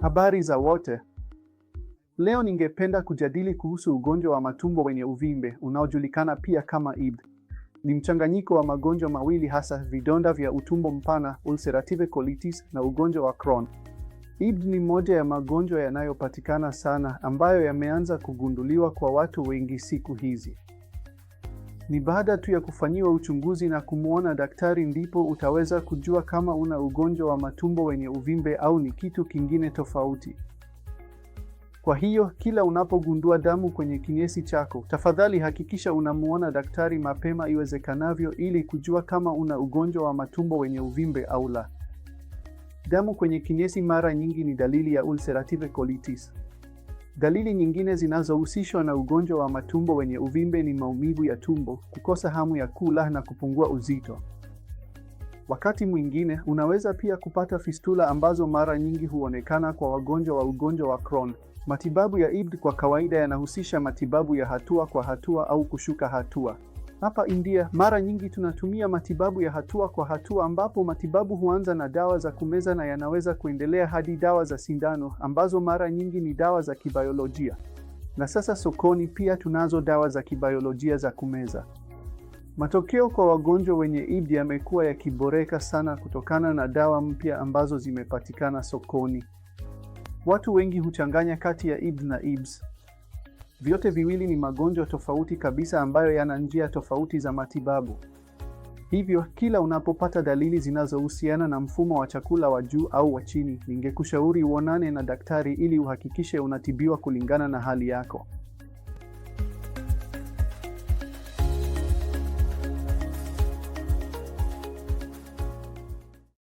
Habari za wote. Leo ningependa kujadili kuhusu ugonjwa wa matumbo wenye uvimbe unaojulikana pia kama IBD. Ni mchanganyiko wa magonjwa mawili hasa vidonda vya utumbo mpana ulcerative colitis na ugonjwa wa Crohn. IBD ni moja ya magonjwa yanayopatikana sana ambayo yameanza kugunduliwa kwa watu wengi siku hizi. Ni baada tu ya kufanyiwa uchunguzi na kumwona daktari ndipo utaweza kujua kama una ugonjwa wa matumbo wenye uvimbe au ni kitu kingine tofauti. Kwa hiyo kila unapogundua damu kwenye kinyesi chako, tafadhali hakikisha unamuona daktari mapema iwezekanavyo ili kujua kama una ugonjwa wa matumbo wenye uvimbe au la. Damu kwenye kinyesi mara nyingi ni dalili ya ulcerative colitis. Dalili nyingine zinazohusishwa na ugonjwa wa matumbo wenye uvimbe ni maumivu ya tumbo, kukosa hamu ya kula na kupungua uzito. Wakati mwingine unaweza pia kupata fistula ambazo mara nyingi huonekana kwa wagonjwa wa ugonjwa wa Crohn. Matibabu ya IBD kwa kawaida yanahusisha matibabu ya hatua kwa hatua au kushuka hatua. Hapa India mara nyingi tunatumia matibabu ya hatua kwa hatua, ambapo matibabu huanza na dawa za kumeza na yanaweza kuendelea hadi dawa za sindano ambazo mara nyingi ni dawa za kibayolojia. Na sasa sokoni pia tunazo dawa za kibayolojia za kumeza. Matokeo kwa wagonjwa wenye IBD yamekuwa yakiboreka sana kutokana na dawa mpya ambazo zimepatikana sokoni. Watu wengi huchanganya kati ya IBD na IBS Vyote viwili ni magonjwa tofauti kabisa ambayo yana njia tofauti za matibabu. Hivyo kila unapopata dalili zinazohusiana na mfumo wa chakula wa juu au wa chini, ningekushauri uonane na daktari ili uhakikishe unatibiwa kulingana na hali yako.